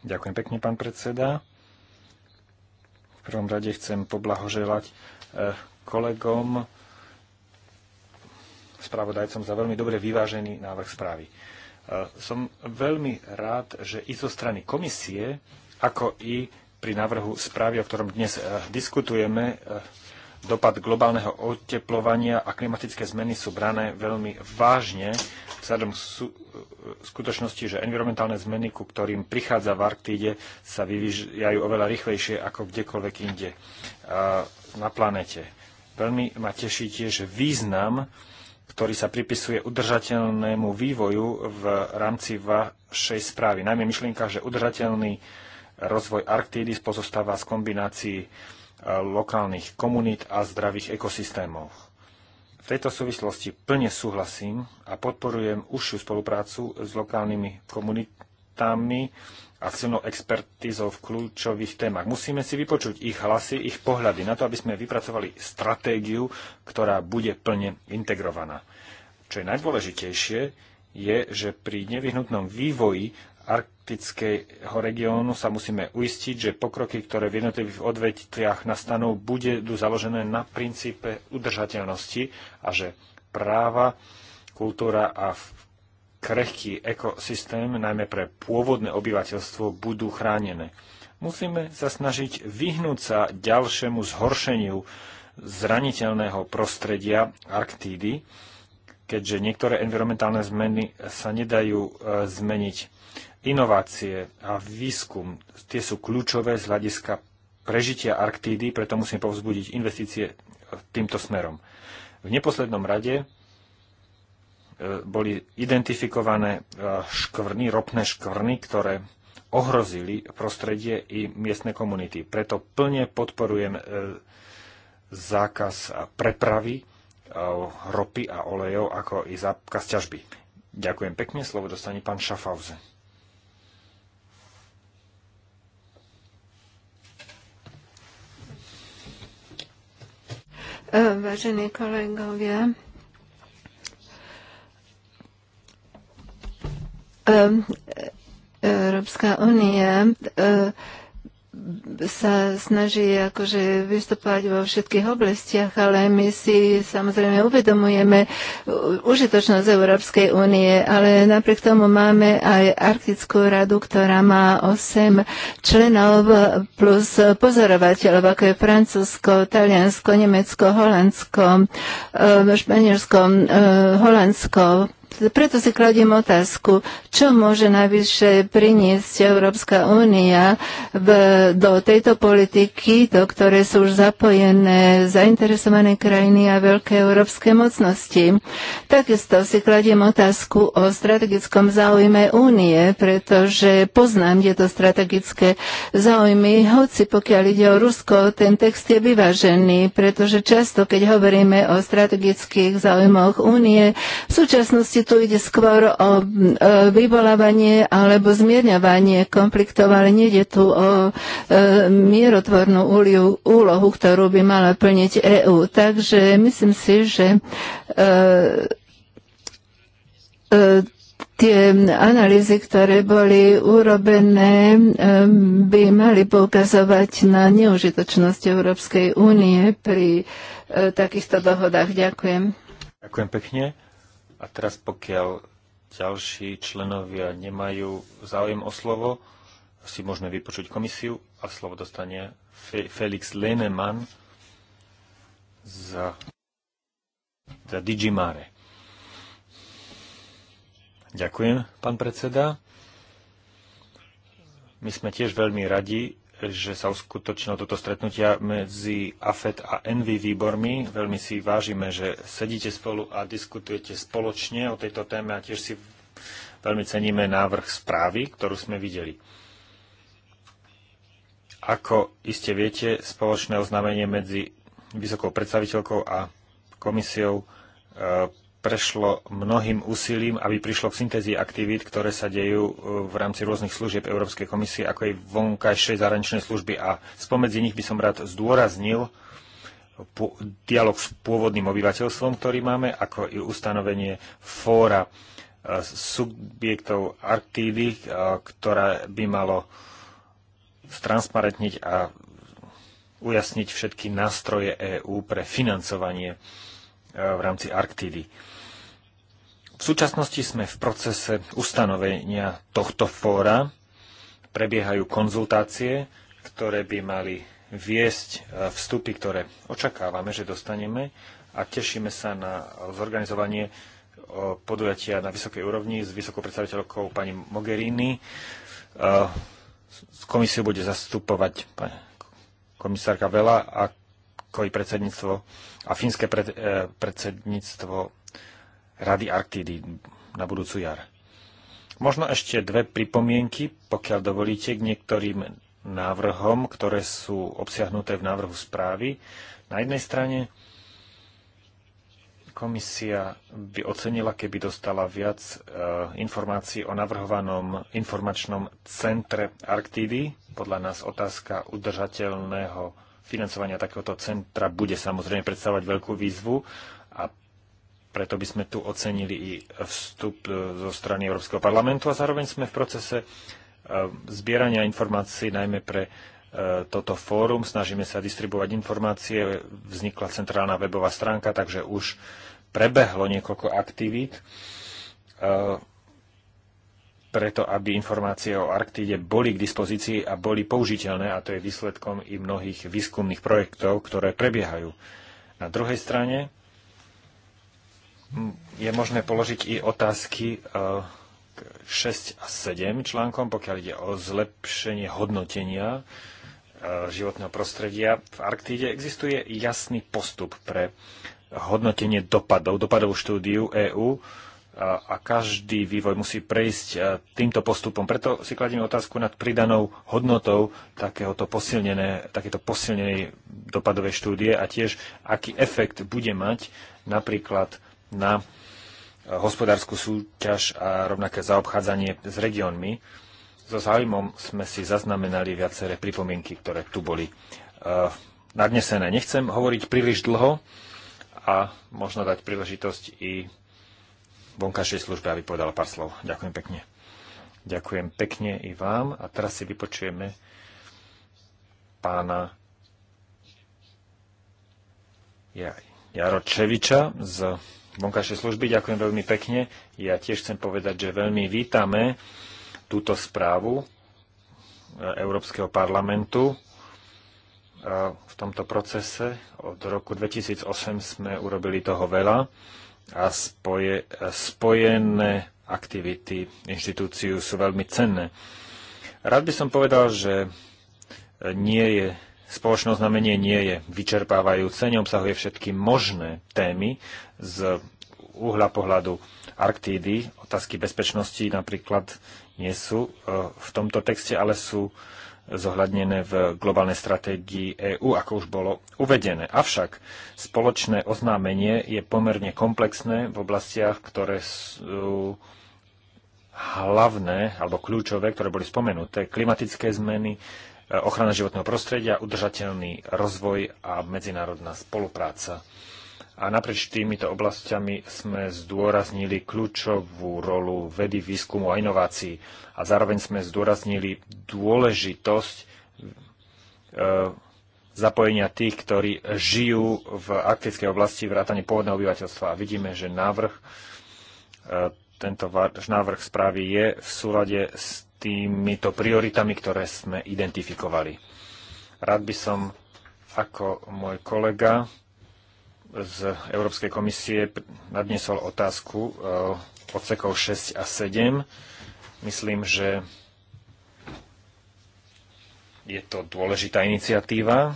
C: Ďakujem pekne, pán predseda. V prvom rade chcem poblahoželať e, kolegom spravodajcom za veľmi dobre vyvážený návrh správy. E, som veľmi rád, že i zo strany komisie, ako i pri návrhu správy, o ktorom dnes e, diskutujeme, e, dopad globálneho oteplovania a klimatické zmeny sú brané veľmi vážne vzhľadom skutočnosti, že environmentálne zmeny, ku ktorým prichádza v Arktíde, sa vyvíjajú oveľa rýchlejšie ako kdekoľvek inde na planete. Veľmi ma teší tiež význam ktorý sa pripisuje udržateľnému vývoju v rámci vašej správy. Najmä myšlienka, že udržateľný rozvoj Arktídy pozostáva z kombinácií e, lokálnych komunít a zdravých ekosystémov. V tejto súvislosti plne súhlasím a podporujem užšiu spoluprácu s lokálnymi komunitami expertami a silnou expertizou v kľúčových témach. Musíme si vypočuť ich hlasy, ich pohľady na to, aby sme vypracovali stratégiu, ktorá bude plne integrovaná. Čo je najdôležitejšie, je, že pri nevyhnutnom vývoji arktického regiónu sa musíme uistiť, že pokroky, ktoré v jednotlivých odvetviach nastanú, budú založené na princípe udržateľnosti a že práva, kultúra a krehký ekosystém, najmä pre pôvodné obyvateľstvo, budú chránené. Musíme sa snažiť vyhnúť sa ďalšiemu zhoršeniu zraniteľného prostredia Arktídy, keďže niektoré environmentálne zmeny sa nedajú e, zmeniť. Inovácie a výskum, tie sú kľúčové z hľadiska prežitia Arktídy, preto musíme povzbudiť investície e, týmto smerom. V neposlednom rade boli identifikované e, škvrny, ropné škvrny, ktoré ohrozili prostredie i miestne komunity. Preto plne podporujem e, zákaz prepravy e, ropy a olejov, ako i zákaz ťažby. Ďakujem pekne, slovo dostane pán Šafauze.
A: Vážení kolegovia, Európska únia e, sa snaží akože vystupovať vo všetkých oblastiach, ale my si samozrejme uvedomujeme užitočnosť Európskej únie, ale napriek tomu máme aj Arktickú radu, ktorá má 8 členov plus pozorovateľov, ako je Francúzsko, Taliansko, Nemecko, Holandsko, e, Španielsko, e, Holandsko, preto si kladím otázku, čo môže najvyššie priniesť Európska únia v, do tejto politiky, do ktoré sú už zapojené zainteresované krajiny a veľké európske mocnosti. Takisto si kladiem otázku o strategickom záujme únie, pretože poznám tieto strategické záujmy, hoci pokiaľ ide o Rusko, ten text je vyvážený, pretože často, keď hovoríme o strategických záujmoch únie, v súčasnosti či tu ide skôr o e, vyvolávanie alebo zmierňovanie konfliktov, ale nejde tu o e, mierotvornú úlohu, ktorú by mala plniť EÚ. Takže myslím si, že e, tie analýzy, ktoré boli urobené, by mali poukazovať na neužitočnosť Európskej únie pri takýchto dohodách. Ďakujem.
C: Ďakujem pekne. A teraz pokiaľ ďalší členovia nemajú záujem o slovo, si môžeme vypočuť komisiu a slovo dostane Felix Leneman za, za Digimare. Ďakujem, pán predseda. My sme tiež veľmi radi, že sa uskutočnilo toto stretnutia medzi AFET a ENVY výbormi. Veľmi si vážime, že sedíte spolu a diskutujete spoločne o tejto téme a tiež si veľmi ceníme návrh správy, ktorú sme videli. Ako iste viete, spoločné oznámenie medzi vysokou predstaviteľkou a komisiou e, prešlo mnohým úsilím, aby prišlo k syntézii aktivít, ktoré sa dejú e, v rámci rôznych služieb Európskej komisie, ako aj vonkajšej zahraničnej služby. A spomedzi nich by som rád zdôraznil dialog s pôvodným obyvateľstvom, ktorý máme, ako i ustanovenie fóra e, subjektov aktívy, e, ktoré by malo stransparentniť a ujasniť všetky nástroje EÚ pre financovanie v rámci Arktídy. V súčasnosti sme v procese ustanovenia tohto fóra. Prebiehajú konzultácie, ktoré by mali viesť e, vstupy, ktoré očakávame, že dostaneme a tešíme sa na zorganizovanie e, podujatia na vysokej úrovni s vysokou predstaviteľkou pani Mogherini. E, Komisiu bude zastupovať pani komisárka Vela, ako koji predsedníctvo a fínske predsedníctvo Rady Arktídy na budúcu jar. Možno ešte dve pripomienky, pokiaľ dovolíte, k niektorým návrhom, ktoré sú obsiahnuté v návrhu správy. Na jednej strane komisia by ocenila, keby dostala viac e, informácií o navrhovanom informačnom centre Arktídy. Podľa nás otázka udržateľného financovania takéhoto centra bude samozrejme predstavovať veľkú výzvu a preto by sme tu ocenili i vstup e, zo strany Európskeho parlamentu a zároveň sme v procese e, zbierania informácií najmä pre e, toto fórum. Snažíme sa distribuovať informácie. Vznikla centrálna webová stránka, takže už prebehlo niekoľko aktivít preto, aby informácie o Arktíde boli k dispozícii a boli použiteľné, a to je výsledkom i mnohých výskumných projektov, ktoré prebiehajú. Na druhej strane je možné položiť i otázky e, k 6 a 7 článkom, pokiaľ ide o zlepšenie hodnotenia e, životného prostredia. V Arktíde existuje jasný postup pre hodnotenie dopadov, dopadovú štúdiu EÚ e, a každý vývoj musí prejsť týmto postupom. Preto si kladíme otázku nad pridanou hodnotou takéhoto posilnené, takéto posilnenej dopadovej štúdie a tiež, aký efekt bude mať napríklad na hospodárskú súťaž a rovnaké zaobchádzanie s regiónmi. So záujmom sme si zaznamenali viaceré pripomienky, ktoré tu boli eh, nadnesené. Nechcem hovoriť príliš dlho a možno dať príležitosť i vonkajšej službe, aby povedala pár slov. Ďakujem pekne. Ďakujem pekne i vám. A teraz si vypočujeme pána Jaročeviča z vonkajšej služby. Ďakujem veľmi pekne. Ja tiež chcem povedať, že veľmi vítame túto správu e, Európskeho parlamentu. E, v tomto procese od roku 2008 sme urobili toho veľa a spoje, e, spojené aktivity inštitúciu sú veľmi cenné. Rád by som povedal, že nie je spoločné oznámenie nie je vyčerpávajúce, neobsahuje všetky možné témy z uhla pohľadu Arktídy. Otázky bezpečnosti napríklad nie sú e, v tomto texte, ale sú zohľadnené v globálnej stratégii EÚ, ako už bolo uvedené. Avšak spoločné oznámenie je pomerne komplexné v oblastiach, ktoré sú hlavné alebo kľúčové, ktoré boli spomenuté. Klimatické zmeny, ochrana životného prostredia, udržateľný rozvoj a medzinárodná spolupráca. A naprieč týmito oblastiami sme zdôraznili kľúčovú rolu vedy, výskumu a inovácií a zároveň sme zdôraznili dôležitosť e, zapojenia tých, ktorí žijú v arktickej oblasti vrátane pôvodného obyvateľstva. A vidíme, že návrh, e, tento návrh správy je v súlade s týmito prioritami, ktoré sme identifikovali. Rád by som, ako môj kolega z Európskej komisie, nadnesol otázku e, odsekov 6 a 7. Myslím, že je to dôležitá iniciatíva,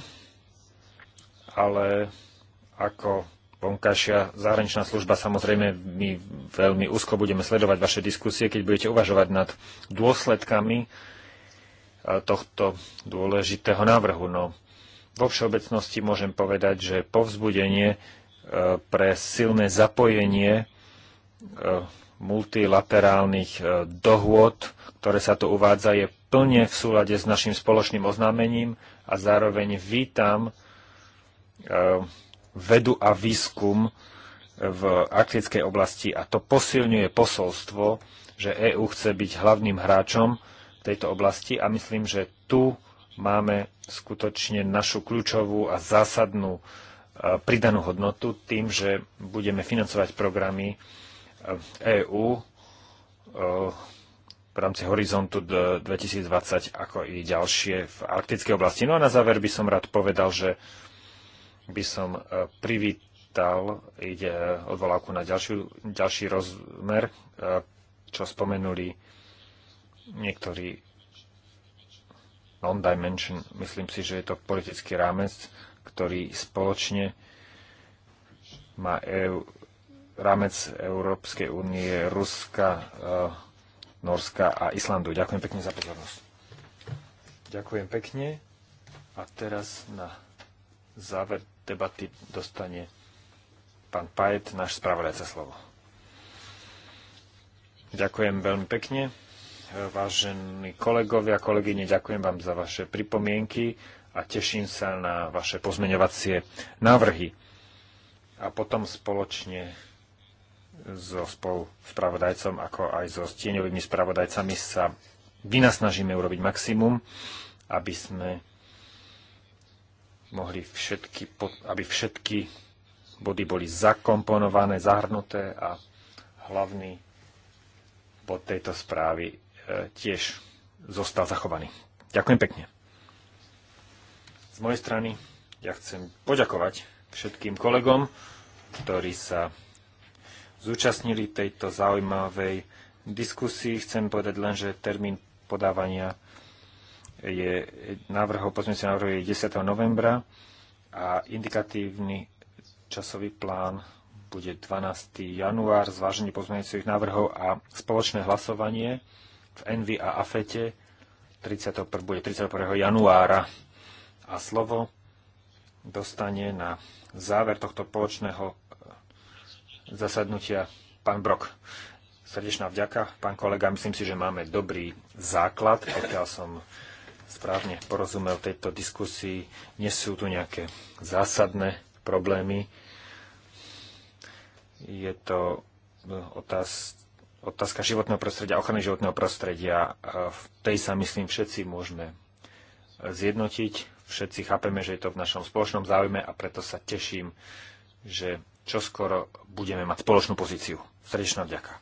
C: ale ako vonkajšia zahraničná služba. Samozrejme, my veľmi úzko budeme sledovať vaše diskusie, keď budete uvažovať nad dôsledkami tohto dôležitého návrhu. No, vo všeobecnosti môžem povedať, že povzbudenie e, pre silné zapojenie e, multilaterálnych e, dohôd, ktoré sa tu uvádza, je plne v súlade s našim spoločným oznámením a zároveň vítam vedu a výskum v arktickej oblasti a to posilňuje posolstvo, že EÚ chce byť hlavným hráčom v tejto oblasti a myslím, že tu máme skutočne našu kľúčovú a zásadnú e, pridanú hodnotu tým, že budeme financovať programy EÚ e, v rámci Horizontu 2020, ako i ďalšie v arktickej oblasti. No a na záver by som rád povedal, že by som e, privítal, ide odvolávku na ďalšiu, ďalší rozmer, e, čo spomenuli niektorí non-dimension. Myslím si, že je to politický rámec, ktorý spoločne má EU, rámec Európskej únie, Ruska, e, Norska a Islandu. Ďakujem pekne za pozornosť. Ďakujem pekne. A teraz na záver debaty dostane pán Pajet, náš spravodajca slovo. Ďakujem veľmi pekne. Vážení kolegovia, kolegyne, ďakujem vám za vaše pripomienky a teším sa na vaše pozmeňovacie návrhy. A potom spoločne so spolu spravodajcom, ako aj so stieňovými spravodajcami sa vynasnažíme urobiť maximum, aby sme mohli všetky, aby všetky body boli zakomponované, zahrnuté a hlavný bod tejto správy e, tiež zostal zachovaný. Ďakujem pekne. Z mojej strany ja chcem poďakovať všetkým kolegom, ktorí sa zúčastnili tejto zaujímavej diskusii. Chcem povedať len, že termín podávania je návrhov, pozmeňujúce návrhu je 10. novembra a indikatívny časový plán bude 12. január, zváženie pozmeňujúcich návrhov a spoločné hlasovanie v Envy a Afete 31, bude 31. januára. A slovo dostane na záver tohto spoločného e, zasadnutia pán Brok. Srdečná vďaka, pán kolega. Myslím si, že máme dobrý základ, pokiaľ som správne porozumel tejto diskusii, nie sú tu nejaké zásadné problémy. Je to otáz, otázka životného prostredia, ochrany životného prostredia. V tej sa, myslím, všetci môžeme zjednotiť. Všetci chápeme, že je to v našom spoločnom záujme a preto sa teším, že čoskoro budeme mať spoločnú pozíciu. Srdečná vďaka.